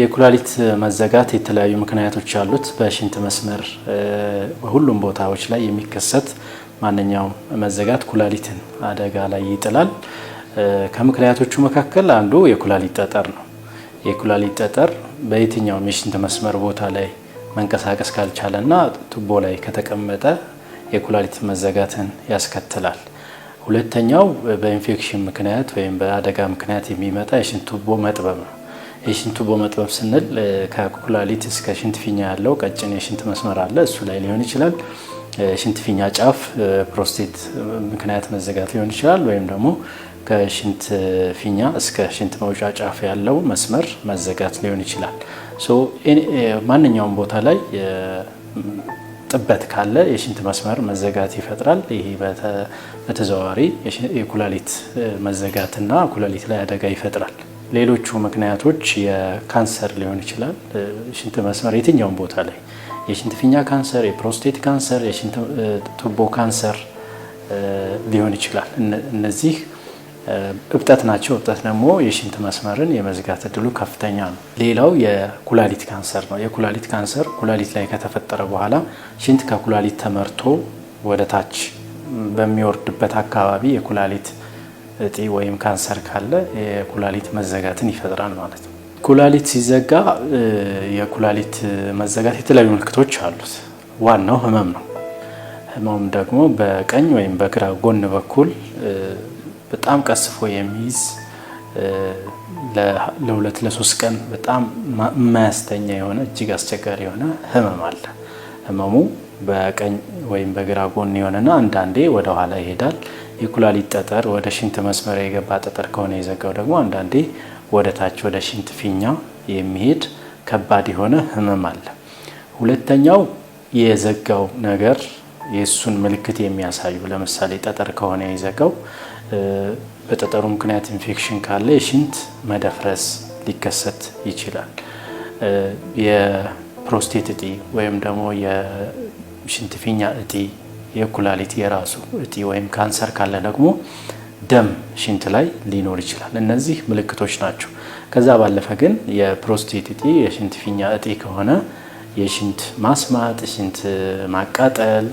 የኩላሊት መዘጋት የተለያዩ ምክንያቶች አሉት። በሽንት መስመር በሁሉም ቦታዎች ላይ የሚከሰት ማንኛውም መዘጋት ኩላሊትን አደጋ ላይ ይጥላል። ከምክንያቶቹ መካከል አንዱ የኩላሊት ጠጠር ነው። የኩላሊት ጠጠር በየትኛውም የሽንት መስመር ቦታ ላይ መንቀሳቀስ ካልቻለ ቱቦ ላይ ከተቀመጠ የኩላሊት መዘጋትን ያስከትላል። ሁለተኛው በኢንፌክሽን ምክንያት ወይም በአደጋ ምክንያት የሚመጣ የሽንት ቱቦ መጥበብ ነው። የሽንት ቱቦ መጥበብ ስንል ከኩላሊት እስከ ሽንት ፊኛ ያለው ቀጭን የሽንት መስመር አለ። እሱ ላይ ሊሆን ይችላል። ሽንት ፊኛ ጫፍ ፕሮስቴት ምክንያት መዘጋት ሊሆን ይችላል። ወይም ደግሞ ከሽንት ፊኛ እስከ ሽንት መውጫ ጫፍ ያለው መስመር መዘጋት ሊሆን ይችላል። ማንኛውም ቦታ ላይ ጥበት ካለ የሽንት መስመር መዘጋት ይፈጥራል። ይህ በተዘዋዋሪ የኩላሊት መዘጋትና ኩላሊት ላይ አደጋ ይፈጥራል። ሌሎቹ ምክንያቶች የካንሰር ሊሆን ይችላል። ሽንት መስመር የትኛውም ቦታ ላይ የሽንት ፊኛ ካንሰር፣ የፕሮስቴት ካንሰር፣ የሽንት ቱቦ ካንሰር ሊሆን ይችላል። እነዚህ እብጠት ናቸው። እብጠት ደግሞ የሽንት መስመርን የመዝጋት እድሉ ከፍተኛ ነው። ሌላው የኩላሊት ካንሰር ነው። የኩላሊት ካንሰር ኩላሊት ላይ ከተፈጠረ በኋላ ሽንት ከኩላሊት ተመርቶ ወደ ታች በሚወርድበት አካባቢ የኩላሊት እጢ ወይም ካንሰር ካለ የኩላሊት መዘጋትን ይፈጥራል ማለት ነው። ኩላሊት ሲዘጋ የኩላሊት መዘጋት የተለያዩ ምልክቶች አሉት። ዋናው ህመም ነው። ህመም ደግሞ በቀኝ ወይም በግራ ጎን በኩል በጣም ቀስፎ የሚይዝ ለሁለት ለሶስት ቀን በጣም የማያስተኛ የሆነ እጅግ አስቸጋሪ የሆነ ህመም አለ። ህመሙ በቀኝ ወይም በግራ ጎን የሆነና አንዳንዴ ወደ ኋላ ይሄዳል። የኩላሊት ጠጠር ወደ ሽንት መስመሪያ የገባ ጠጠር ከሆነ የዘጋው ደግሞ አንዳንዴ ወደ ታች ወደ ሽንት ፊኛ የሚሄድ ከባድ የሆነ ህመም አለ። ሁለተኛው የዘጋው ነገር የእሱን ምልክት የሚያሳዩ ለምሳሌ ጠጠር ከሆነ የዘጋው በጠጠሩ ምክንያት ኢንፌክሽን ካለ የሽንት መደፍረስ ሊከሰት ይችላል። የፕሮስቴት እጢ ወይም ደግሞ ሽንት ፊኛ እጢ፣ የኩላሊት የራሱ እጢ ወይም ካንሰር ካለ ደግሞ ደም ሽንት ላይ ሊኖር ይችላል። እነዚህ ምልክቶች ናቸው። ከዛ ባለፈ ግን የፕሮስቴት እጢ፣ የሽንትፊኛ እጤ እጢ ከሆነ የሽንት ማስማጥ፣ ሽንት ማቃጠል፣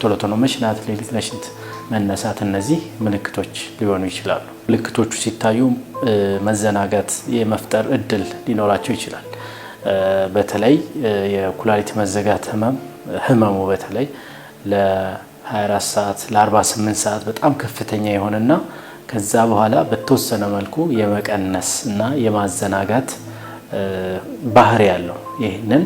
ቶሎ ቶሎ መሽናት፣ ሌሊት ለሽንት መነሳት እነዚህ ምልክቶች ሊሆኑ ይችላሉ። ምልክቶቹ ሲታዩ መዘናጋት የመፍጠር እድል ሊኖራቸው ይችላል። በተለይ የኩላሊት መዘጋት ህመም ህመሙ በተለይ ለ24 ሰዓት ለ48 ሰዓት በጣም ከፍተኛ የሆነና ከዛ በኋላ በተወሰነ መልኩ የመቀነስ እና የማዘናጋት ባህሪ ያለው ይህንን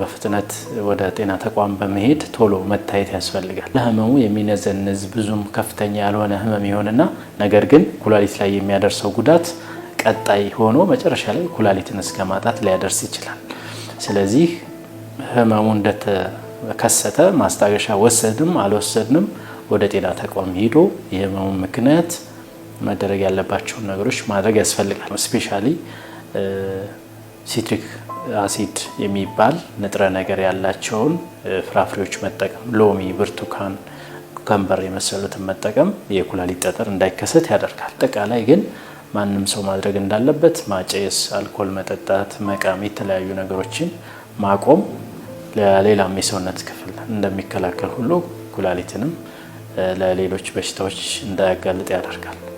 በፍጥነት ወደ ጤና ተቋም በመሄድ ቶሎ መታየት ያስፈልጋል። ለህመሙ የሚነዘንዝ ብዙም ከፍተኛ ያልሆነ ህመም ይሆንና ነገር ግን ኩላሊት ላይ የሚያደርሰው ጉዳት ቀጣይ ሆኖ መጨረሻ ላይ ኩላሊትን እስከ ማጣት ሊያደርስ ይችላል። ስለዚህ ህመሙ እንደተከሰተ ማስታገሻ ወሰድም አልወሰድንም ወደ ጤና ተቋም ሄዶ የህመሙ ምክንያት መደረግ ያለባቸውን ነገሮች ማድረግ ያስፈልጋል። እስፔሻሊ ሲትሪክ አሲድ የሚባል ንጥረ ነገር ያላቸውን ፍራፍሬዎች መጠቀም፣ ሎሚ፣ ብርቱካን፣ ከንበር የመሰሉትን መጠቀም የኩላሊት ጠጠር እንዳይከሰት ያደርጋል። አጠቃላይ ግን ማንም ሰው ማድረግ እንዳለበት ማጨስ፣ አልኮል መጠጣት፣ መቃም የተለያዩ ነገሮችን ማቆም ለሌላም የሰውነት ክፍል እንደሚከላከል ሁሉ ኩላሊትንም ለሌሎች በሽታዎች እንዳያጋልጥ ያደርጋል።